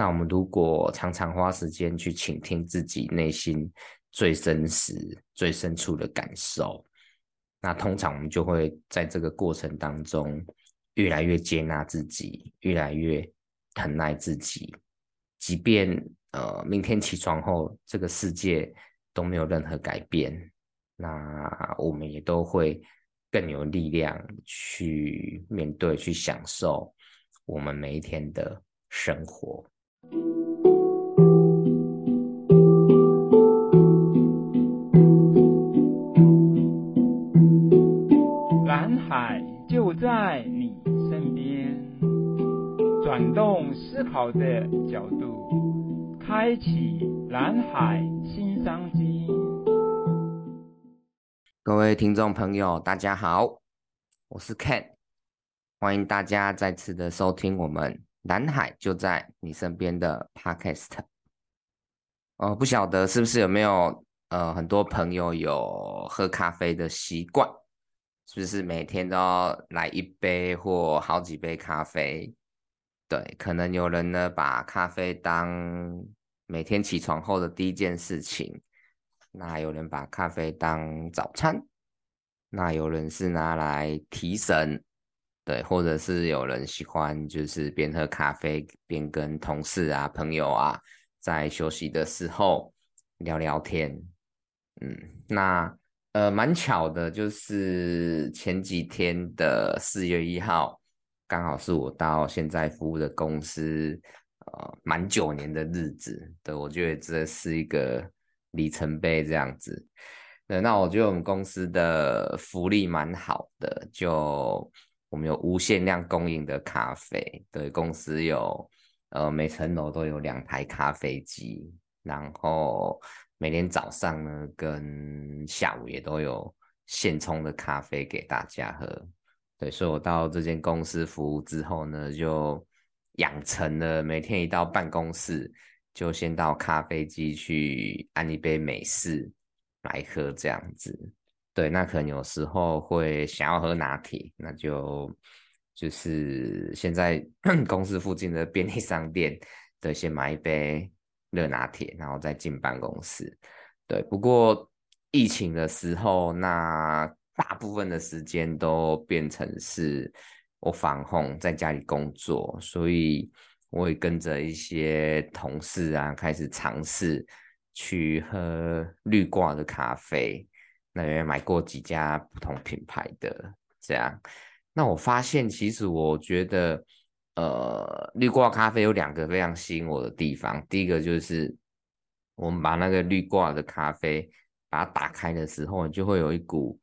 那我們如果常常花時間去傾聽自己內心最真實、最深處的感受，那通常我們就會在這個過程當中越來越接納自己，越來越疼愛自己。即便呃明天起床後，這個世界都沒有任何改變，那我們也都會更有力量去面對、去享受我們每一天的生活。藍海就在你身邊，轉動思考的角度，開啟藍海新商機。各位聽眾朋友，大家好，我是 Ken，歡迎大家再次的收聽我們。藍海就在你身邊的 Podcast。哦、呃，不曉得是不是有沒有呃很多朋友有喝咖啡的習慣？是不是每天都要來一杯或好幾杯咖啡？對，可能有人呢把咖啡當每天起床後的第一件事情，那有人把咖啡當早餐，那有人是拿來提神。對，或者是有人喜歡，就是邊喝咖啡邊跟同事啊、朋友啊，在休息的時候聊聊天。嗯，那呃，蠻巧的，就是前幾天的四月一號，剛好是我到現在服務的公司呃，滿九年的日子。對，我覺得這是一個里程碑這樣子。對，那我覺得我們公司的福利蠻好的，就。我們有無限量供應的咖啡，對，公司有，呃，每層樓都有兩台咖啡機，然後每天早上呢，跟下午也都有現沖的咖啡給大家喝。對，所以我到這間公司服務之後呢，就養成了每天一到辦公室就先到咖啡機去按一杯美式來喝這樣子。對，那可能有時候會想要喝拿鐵，那就就是現在公司附近的便利商店，對，先買一杯熱拿鐵，然後再進辦公室。對，不過疫情的時候，那大部分的時間都變成是我防控在家裡工作，所以我也跟着一些同事啊，開始嘗試去喝濾掛的咖啡。那也買過幾家不同品牌的這樣，那我發現其實我覺得，呃，濾掛咖啡有兩個非常吸引我的地方。第一個就是，我們把那個濾掛的咖啡把它打開的時候，就會有一股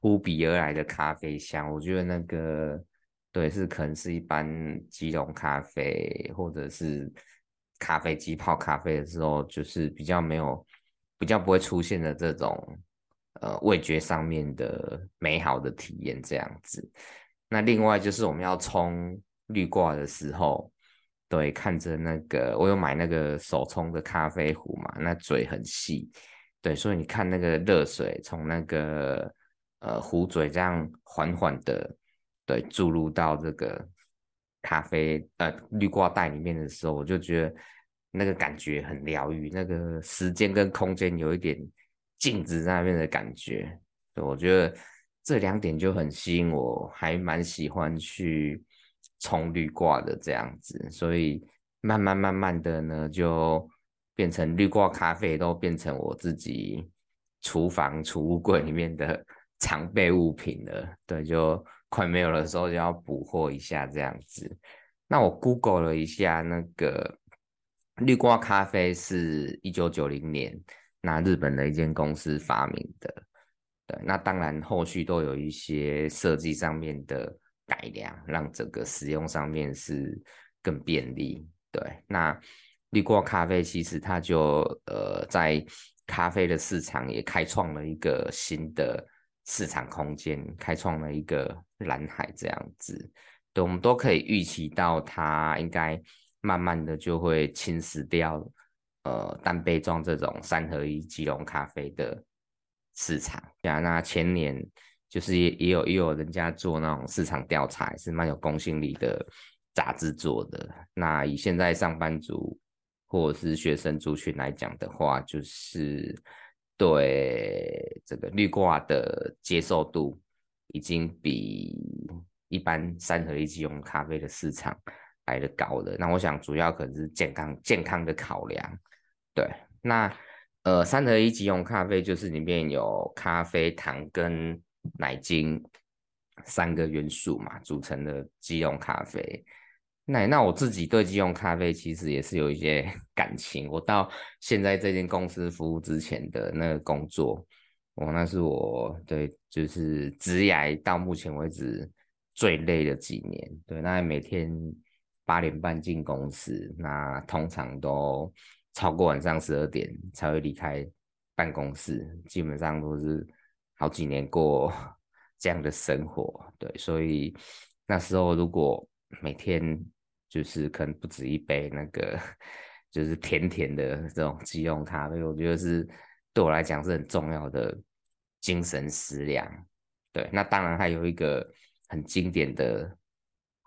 撲鼻而來的咖啡香。我覺得那個對，是可能是一般即溶咖啡或者是咖啡機泡咖啡的時候，就是比較沒有比較不會出現的這種。呃，味覺上面的美好的體驗這樣子。那另外就是我們要沖濾掛的時候，對，看着那個，我有買那個手沖的咖啡壺嘛，那嘴很細，對，所以你看那個熱水從那個呃壺嘴這樣緩緩的，對，注入到這個咖啡呃濾掛袋裡面的時候，我就覺得那個感覺很療癒，那個時間跟空間有一點。鏡子在那邊的感覺，對，我覺得這兩點就很吸引我，還蠻喜歡去沖濾掛，的這樣子，所以慢慢慢慢的呢，就變成濾掛咖啡都變成我自己廚房儲物櫃裡面的常備物品了，對，就快沒有的時候就要補貨一下這樣子。那我 Google 了一下，那個濾掛咖啡是一九九零年，那日本的一間公司發明的，對，那當然後續都有一些設計上面的改良，讓整個使用上面是更便利。對，那濾掛咖啡其實它就呃在咖啡的市場也開創了一個新的市場空間，開創了一個藍海這樣子。對，我們都可以預期到它應該慢慢的就會侵蝕掉了。呃，單杯裝這種三合一即溶咖啡的市場，啊，那前年就是也也有也有人家做那種市場調查，是蠻有公信力的雜誌做的。那以現在上班族或者是學生族群來講的話，就是對這個濾掛的接受度已經比一般三合一即溶咖啡的市場來得高了。那我想主要可能是健康健康的考量。對，那呃，三合一即溶咖啡就是裡面有咖啡、糖跟奶精三個元素嘛，組成的即溶咖啡。那那我自己對即溶咖啡其實也是有一些感情。我到現在這間公司服務之前的那個工作，我那是我對就是職涯到目前為止最累的幾年。對，那每天八點半進公司，那通常都。超過晚上十二點才會離開辦公室，基本上都是好幾年過這樣的生活，對，所以那時候如果每天就是可能不止一杯那個。就是甜甜的這種即溶咖啡，我覺得是對我來講是很重要的精神食糧，對，那當然還有一個很經典的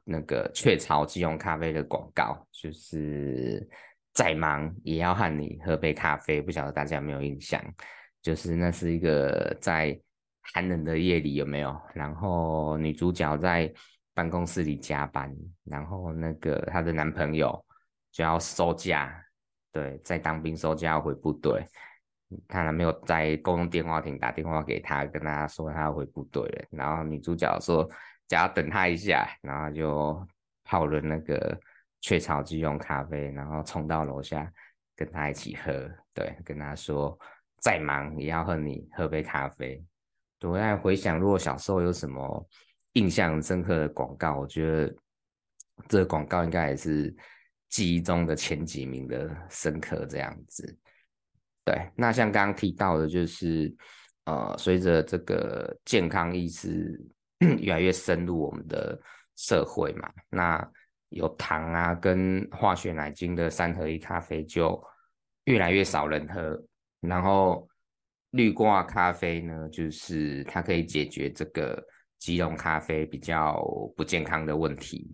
那個雀巢即溶咖啡的廣告，就是。再忙，也要和你喝杯咖啡，不曉得大家有沒有印象？就是那是一個在寒冷的夜裡，有沒有？然後女主角在辦公室裡加班，然後那個她的男朋友就要收假，對，在當兵收假要回部隊，看他沒有在公用電話亭打電話給他，跟他說他要回部隊了。然後女主角說：“只要等他一下。”然後就泡了那個。雀巢即溶咖啡，然後沖到樓下跟他一起喝，對，跟他說再忙也要和你喝杯咖啡。我在回想，如果小時候有什麼印象深刻的廣告，我覺得這個廣告應該也是記憶中的前幾名的深刻，這樣子。對，那像剛剛提到的，就是呃，隨着這個健康意識越來越深入我們的社會嘛，那。有糖啊，跟化學奶精的三合一咖啡就越來越少人喝。然後，濾掛咖啡呢，就是它可以解決這個即溶咖啡比較不健康的問題。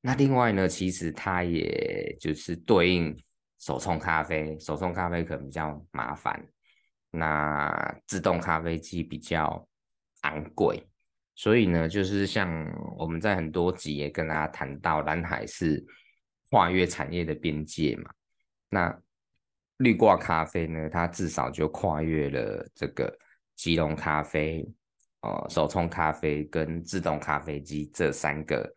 那另外呢，其實它也就是對應手沖咖啡，手沖咖啡可能比較麻煩，那自動咖啡機比較昂貴。所以呢，就是像我們在很多集也跟大家談到，藍海是跨越產業的邊界嘛。那濾掛咖啡呢，它至少就跨越了這個即溶咖啡，呃手沖咖啡跟自動咖啡機這三個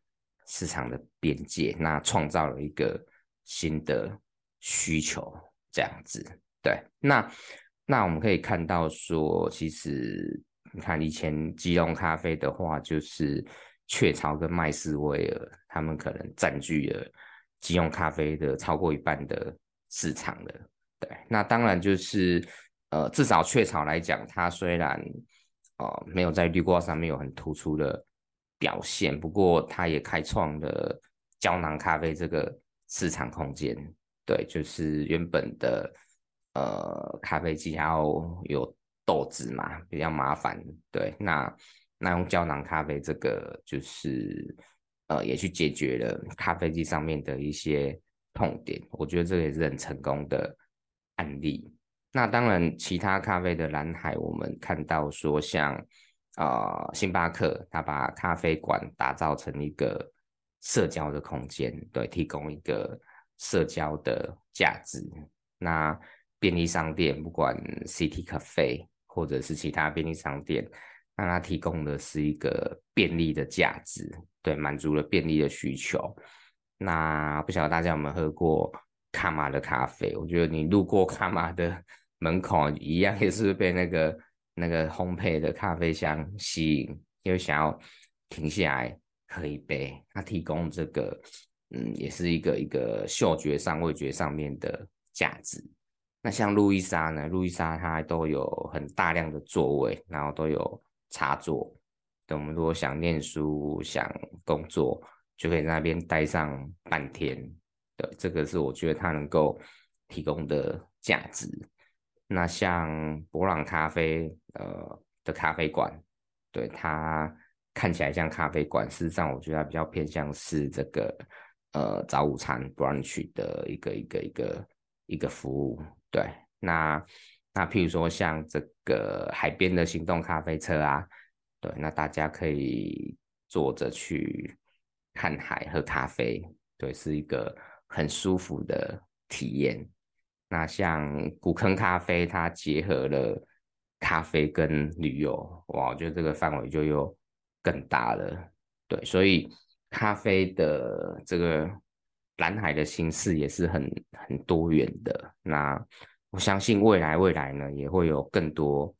市場的邊界，那創造了一個新的需求，這樣子。對，那那我們可以看到說，其實。你看，以前即溶咖啡的話，就是雀巢跟麥斯威爾，他們可能佔據了即溶咖啡的超過一半的市場了。對，那當然就是，呃，至少雀巢來講，它雖然呃沒有在濾掛上面有很突出的表現，不過它也開創了膠囊咖啡這個市場空間。對，就是原本的呃咖啡機，然後有。豆子嘛，比較麻煩，對。那那用膠囊咖啡這個，就是呃，也去解決了咖啡機上面的一些痛點。我覺得這也是很成功的案例。那當然，其他咖啡的藍海，我們看到說像，像呃星巴克，它把咖啡館打造成一個社交的空間，對，提供一個社交的價值。那便利商店，不管 City Cafe，或者是其他便利商店，那它提供的是一個便利的價值，對，滿足了便利的需求。那不曉得大家有沒有喝過卡瑪的咖啡？我覺得你路過卡瑪的門口，一樣也是被那個那個烘焙的咖啡香吸引，因為想要停下來喝一杯。它提供這個，嗯，也是一個一個嗅覺上、味覺上面的價值。那像路易莎呢？路易莎它都有很大量的座位，然後都有插座。對，我們如果想念書、想工作，就可以在那邊待上半天。對，這個是我覺得它能夠提供的價值。那像伯朗咖啡，呃，的咖啡館，對它看起來像咖啡館，事實上我覺得它比較偏向是這個，呃，早午餐 brunch 的一個一個一個一個服務。對，那那譬如說像這個海邊的行動咖啡車啊，對，那大家可以坐着去看海喝咖啡，對，是一個很舒服的體驗。那像古坑咖啡，它結合了咖啡跟旅遊，哇，我覺得這個範圍就又更大了。對，所以咖啡的這個。藍海的形式也是很很多元的。那我相信未來未來呢，也會有更多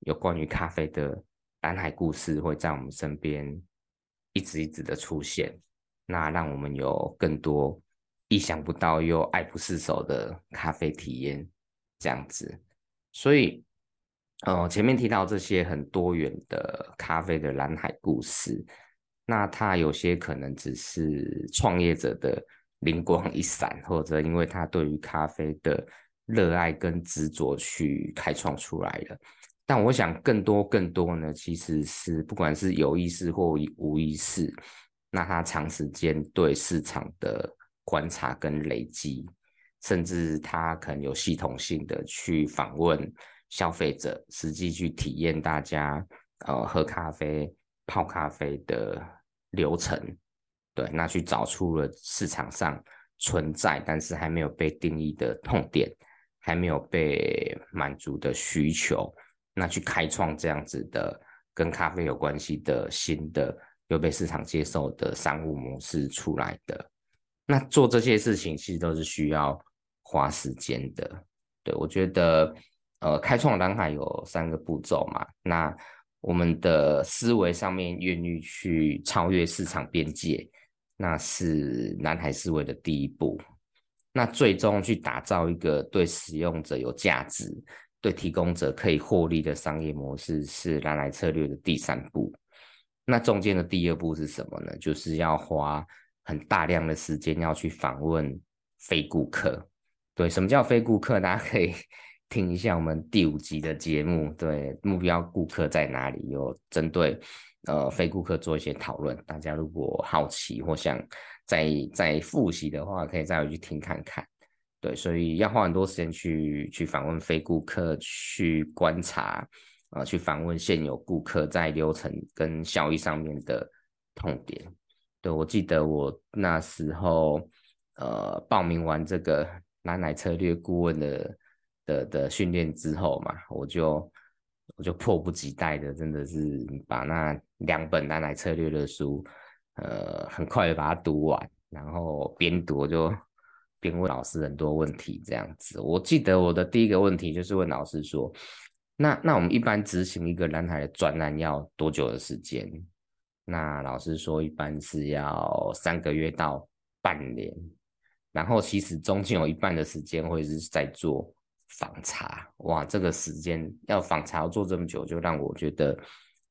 有關於咖啡的藍海故事會在我們身邊一直一直的出現。那讓我們有更多意想不到又愛不釋手的咖啡體驗這樣子。所以，哦、呃，前面提到這些很多元的咖啡的藍海故事，那它有些可能只是創業者的。靈光一閃，或者因為他對於咖啡的熱愛跟執着去開創出來的。但我想更多更多呢，其實是不管是有意識或無意識，那他長時間對市場的觀察跟累積，甚至他可能有系統性的去訪問消費者，實際去體驗大家呃喝咖啡、泡咖啡的流程。對，那去找出了市場上存在，但是還沒有被定義的痛點，還沒有被滿足的需求，那去開創這樣子的跟咖啡有關係的新的又被市場接受的商務模式出來的，那做這些事情其實都是需要花時間的。對，我覺得，呃，開創藍海有三個步驟嘛，那我們的思維上面願意去超越市場邊界。那是藍海思維的第一步，那最終去打造一個對使用者有價值、對提供者可以獲利的商業模式，是藍海策略的第三步。那中間的第二步是什麼呢？就是要花很大量的時間要去訪問非顧客。對，什麼叫非顧客？大家可以聽一下我們第五集的節目。對，目標顧客在哪裡？有針對。呃，非顧客做一些討論，大家如果好奇或想再再複習的話，可以再回去聽看看。對，所以要花很多時間去去訪問非顧客，去觀察，啊、呃，去訪問現有顧客在流程跟效益上面的痛點。對，我記得我那時候，呃，報名完這個藍海策略顧問的的的訓練之後嘛，我就。我就迫不及待的，真的是把那兩本藍海策略的書，呃，很快的把它讀完，然後邊讀我就邊問老師很多問題，這樣子。我記得我的第一個問題就是問老師說，那那我們一般執行一個藍海的專案要多久的時間？那老師說一般是要三個月到半年，然後其實中間有一半的時間會是在做。訪查。哇，這個時間要訪查，要做這麼久，就讓我覺得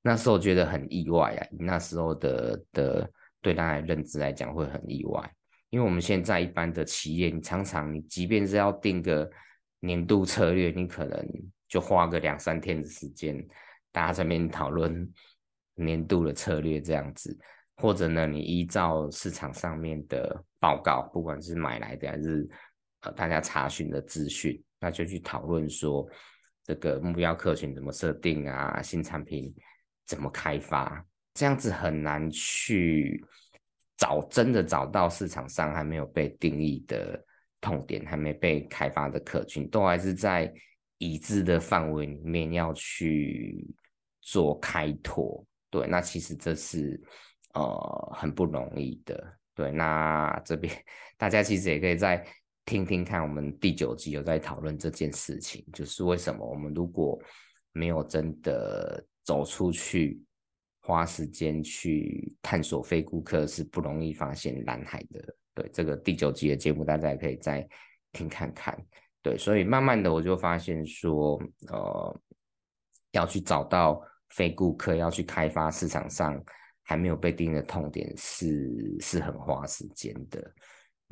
那時候覺得很意外啊。那時候的的對大家認知來講會很意外，因為我們現在一般的企業，你常常你即便是要定個年度策略，你可能就花個兩三天的時間，大家在那邊討論年度的策略這樣子，或者呢，你依照市場上面的報告，不管是買來的還是呃大家查詢的資訊。那就去討論說，這個目標客群怎麼設定啊？新產品怎麼開發？這樣子很難去找，真的找到市場上還沒有被定義的痛點，還沒被開發的客群，都還是在已知的範圍裡面要去做開拓。對，那其實這是呃很不容易的。對，那這邊大家其實也可以在。聽聽看，我們第九集有在討論這件事情，就是為什麼我們如果沒有真的走出去，花時間去探索非顧客，是不容易發現藍海的。對，這個第九集的節目大家也可以再聽看看。對，所以慢慢的我就發現說，呃，要去找到非顧客，要去開發市場上還沒有被定的痛點是，是是很花時間的。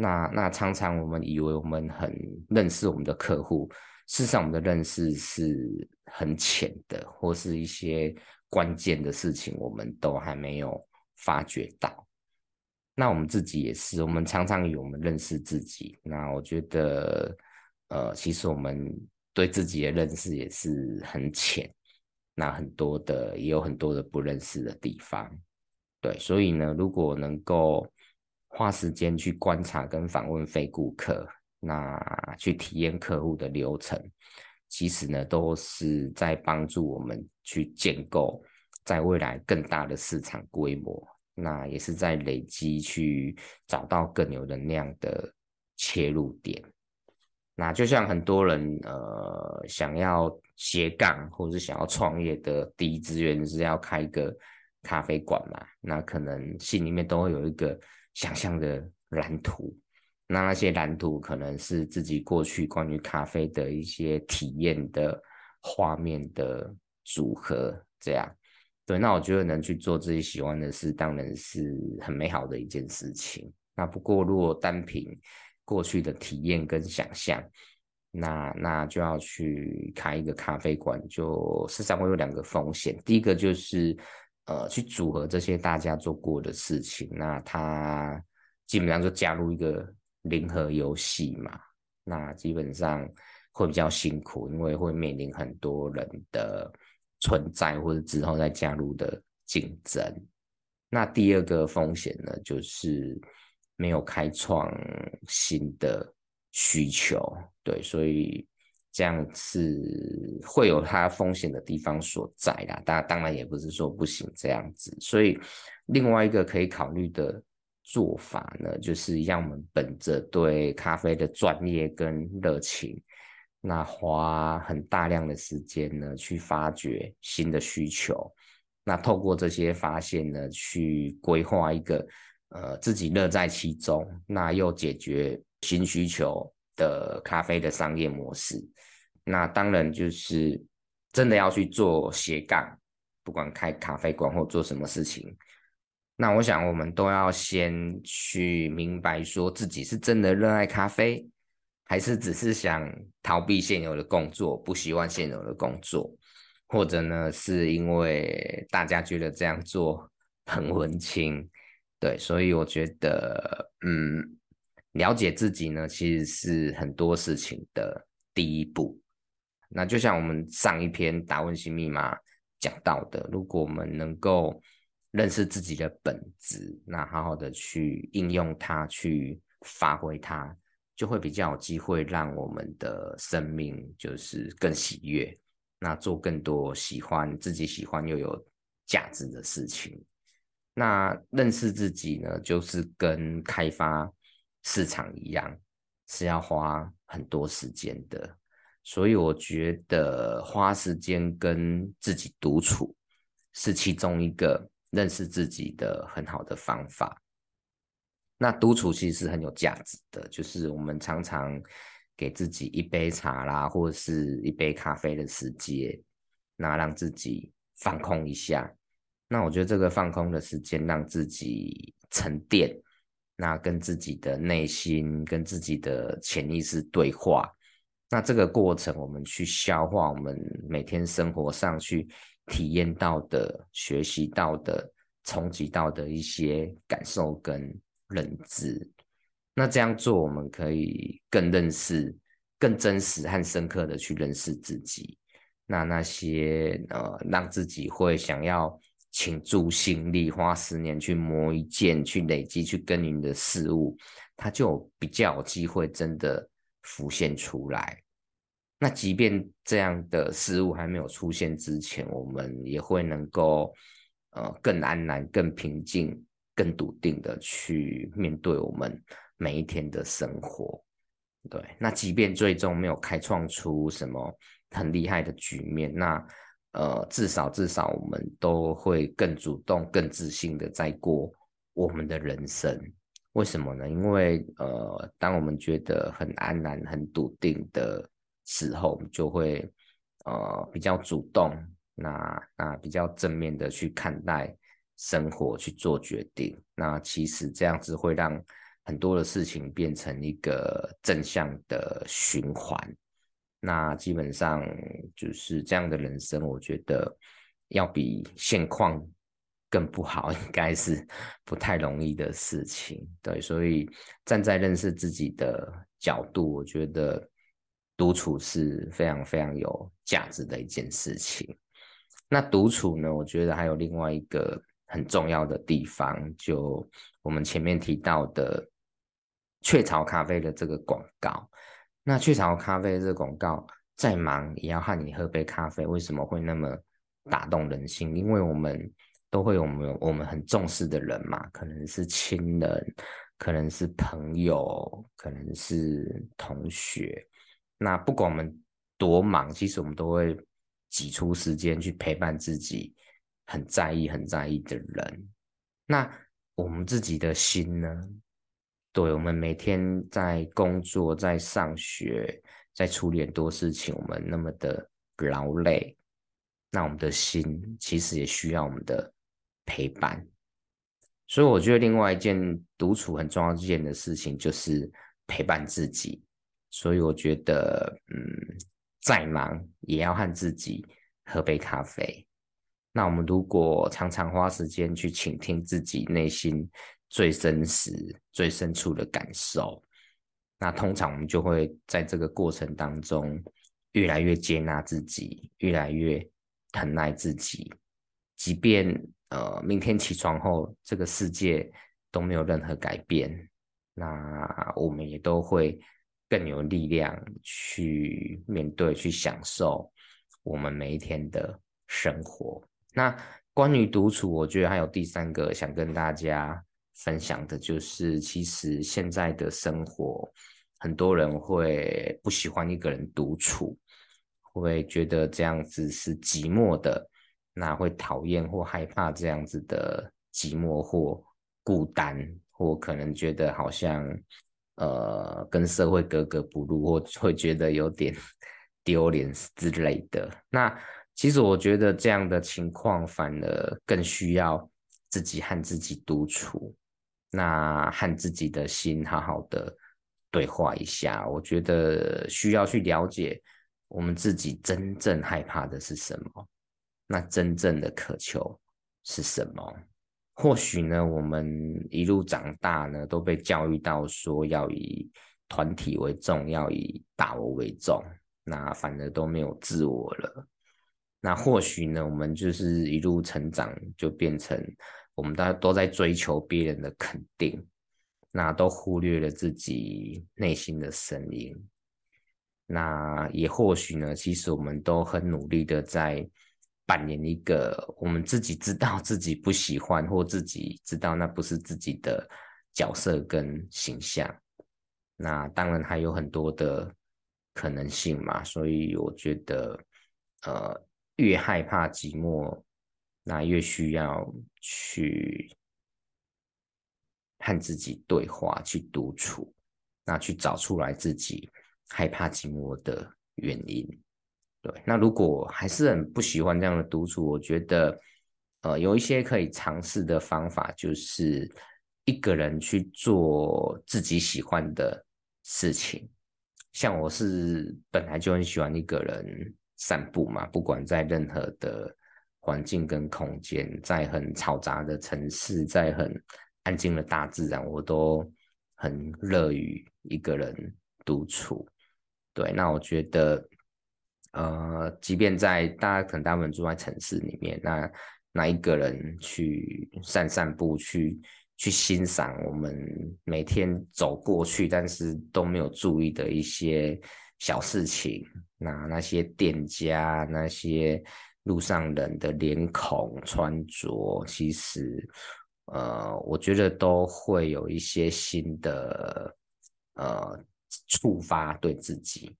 那那常常我們以為我們很認識我們的客戶，事實上我們的認識是很淺的，或是一些關鍵的事情我們都還沒有發覺到。那我們自己也是，我們常常以為我們認識自己。那我覺得，呃，其實我們對自己的認識也是很淺，那很多的也有很多的不認識的地方。對，所以呢，如果能夠，花時間去觀察跟訪問非顧客，那去體驗客戶的流程，其實呢都是在幫助我們去建構在未來更大的市場規模，那也是在累積去找到更有能量的切入點。那就像很多人呃想要斜槓或者是想要創業的第一志願，就是要開一個咖啡館嘛，那可能心裡面都會有一個。想象的藍圖，那那些藍圖可能是自己過去關於咖啡的一些體驗的畫面的組合，這樣。對，那我覺得能去做自己喜歡的事，當然是很美好的一件事情。那不過，如果單憑過去的體驗跟想象那那就要去開一個咖啡館，就事實上會有兩個風險。第一個就是。呃，去組合這些大家做過的事情，那它基本上就加入一個零和遊戲嘛。那基本上會比較辛苦，因為會面臨很多人的存在，或者之後再加入的競爭。那第二個風險呢，就是沒有開創新的需求。對，所以。這樣是會有它風險的地方所在啦，但當然也不是說不行這樣子，所以另外一個可以考慮的做法呢，就是讓我們本着對咖啡的專業跟熱情，那花很大量的時間呢，去發掘新的需求，那透過這些發現呢，去規劃一個呃自己樂在其中，那又解決新需求的咖啡的商業模式。那當然就是真的要去做斜槓，不管開咖啡館或做什麼事情。那我想我們都要先去明白，說自己是真的熱愛咖啡，還是只是想逃避現有的工作，不喜歡現有的工作，或者呢是因為大家覺得這樣做很文青，對，所以我覺得，嗯，了解自己呢其實是很多事情的第一步。那就像我們上一篇達文西密碼講到的，如果我們能夠認識自己的本質，那好好的去應用它，去發揮它，就會比較有機會讓我們的生命就是更喜悅，那做更多喜歡自己喜歡又有價值的事情。那認識自己呢，就是跟開發市場一樣，是要花很多時間的。所以我覺得花時間跟自己獨處是其中一個認識自己的很好的方法。那獨處其實是很有價值的，就是我們常常給自己一杯茶啦，或者是一杯咖啡的時間，那讓自己放空一下。那我覺得這個放空的時間讓自己沉澱，那跟自己的內心、跟自己的潛意識對話。那這個過程，我們去消化我們每天生活上去體驗到的、學習到的、衝擊到的一些感受跟認知。那這樣做，我們可以更認識、更真實和深刻的去認識自己。那那些呃，讓自己會想要傾注心力、花十年去磨一件、去累積、去耕耘的事物，它就有比較有機會真的。浮現出來，那即便這樣的事物還沒有出現之前，我們也會能夠，呃，更安然、更平靜、更篤定的去面對我們每一天的生活。對，那即便最終沒有開創出什麼很厲害的局面，那呃，至少至少我們都會更主動、更自信的在過我們的人生。為什麼呢？因為呃，當我們覺得很安然、很篤定的時候，我們就會呃比較主動，那那比較正面的去看待生活，去做決定。那其實這樣子會讓很多的事情變成一個正向的循環。那基本上就是這樣的人生，我覺得要比現況。更不好，應該是不太容易的事情，對，所以站在認識自己的角度，我覺得獨處是非常非常有價值的一件事情。那獨處呢，我覺得還有另外一個很重要的地方，就我們前面提到的雀巢咖啡的這個廣告。那雀巢咖啡的這個廣告，再忙也要和你喝杯咖啡，為什麼會那麼打動人心？因為我們都會有我們我們很重視的人嘛，可能是親人，可能是朋友，可能是同學。那不管我們多忙，其實我們都會擠出時間去陪伴自己很在意、很在意的人。那我們自己的心呢？對，我們每天在工作、在上學、在處理很多事情，我們那麼的勞累。那我們的心其實也需要我們的。陪伴，所以我覺得另外一件獨處很重要一件的事情就是陪伴自己。所以我覺得，嗯，再忙也要和自己喝杯咖啡。那我們如果常常花時間去傾聽自己內心最真實、最深處的感受，那通常我們就會在這個過程當中越來越接納自己，越來越疼愛自己，即便。呃，明天起床後，這個世界都沒有任何改變，那我們也都會更有力量去面對、去享受我們每一天的生活。那關於獨處，我覺得還有第三個想跟大家分享的，就是其實現在的生活，很多人會不喜歡一個人獨處，會覺得這樣子是寂寞的。那會討厭或害怕這樣子的寂寞或孤單，或可能覺得好像呃跟社會格格不入，或會覺得有點丟臉之類的。那其實我覺得這樣的情況反而更需要自己和自己獨處，那和自己的心好好的對話一下。我覺得需要去了解我們自己真正害怕的是什麼。那真正的渴求是什麼？或許呢，我們一路長大呢，都被教育到說要以團體為重，要以大我為重，那反而都沒有自我了。那或許呢，我們就是一路成長，就變成我們大家都在追求別人的肯定，那都忽略了自己內心的聲音。那也或許呢，其實我們都很努力的在。扮演一個我們自己知道自己不喜歡或自己知道那不是自己的角色跟形象，那當然還有很多的可能性嘛。所以我覺得，呃，越害怕寂寞，那越需要去和自己對話，去獨處，那去找出來自己害怕寂寞的原因。對，那如果還是很不喜歡這樣的獨處，我覺得，呃，有一些可以嘗試的方法，就是一個人去做自己喜歡的事情。像我是本來就很喜歡一個人散步嘛，不管在任何的環境跟空間，在很嘈雜的城市，在很安靜的大自然，我都很樂於一個人獨處。對，那我覺得。呃，即便在大家可能大部分住在城市裡面，那那一個人去散散步去，去去欣賞我們每天走過去，但是都沒有注意的一些小事情，那那些店家、那些路上人的臉孔、穿着，其實呃，我覺得都會有一些新的呃觸發對自己。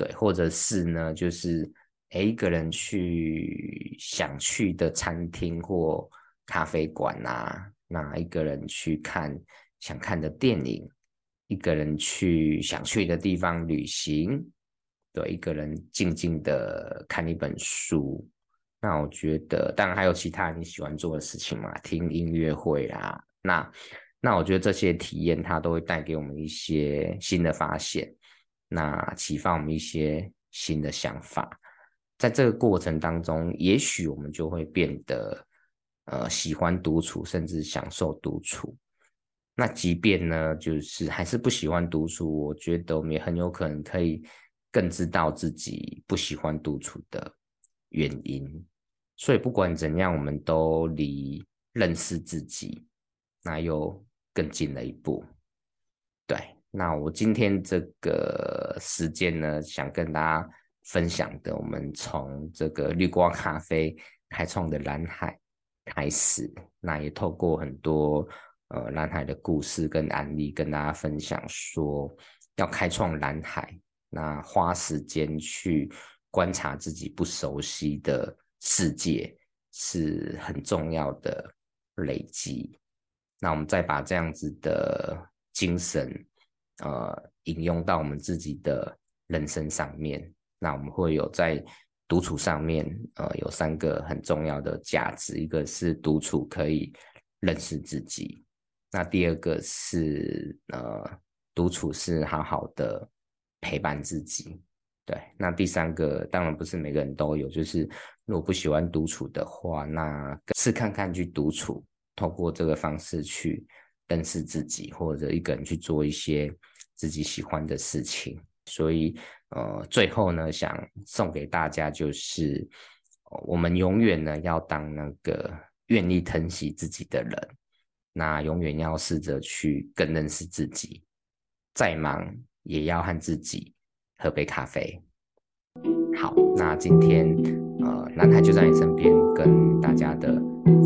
對，或者是呢，就是誒一個人去想去的餐廳或咖啡館啊，那一個人去看想看的電影，一個人去想去的地方旅行，對，一個人靜靜的看一本書。那我覺得，當然還有其他你喜歡做的事情嘛，聽音樂會啊，那那我覺得這些體驗它都會帶給我們一些新的發現。那啟發我們一些新的想法，在這個過程當中，也許我們就會變得，呃，喜歡獨處，甚至享受獨處。那即便呢，就是還是不喜歡獨處，我覺得我們也很有可能可以更知道自己不喜歡獨處的原因。所以不管怎樣，我們都離認識自己，那又更近了一步。對。那我今天這個時間呢，想跟大家分享的，我們從這個綠光咖啡開創的藍海開始，那也透過很多呃藍海的故事跟案例，跟大家分享說，要開創藍海，那花時間去觀察自己不熟悉的世界是很重要的累積。那我們再把這樣子的精神。呃，引用到我們自己的人生上面，那我們會有在獨處上面，呃，有三個很重要的價值，一個是獨處可以認識自己，那第二個是呃，獨處是好好的陪伴自己，對，那第三個當然不是每個人都有，就是如果不喜歡獨處的話，那試看看去獨處，透過這個方式去認識自己，或者一個人去做一些。自己喜歡的事情，所以呃，最後呢，想送給大家就是，呃、我們永遠呢要當那個願意疼惜自己的人，那永遠要試着去更認識自己，再忙也要和自己喝杯咖啡。好，那今天呃，藍海就在你身邊，跟大家的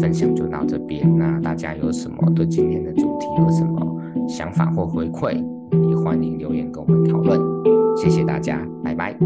分享就到這邊。那大家有什麼對今天的主題有什麼想法或回饋？也歡迎留言跟我們討論，謝謝大家，拜拜。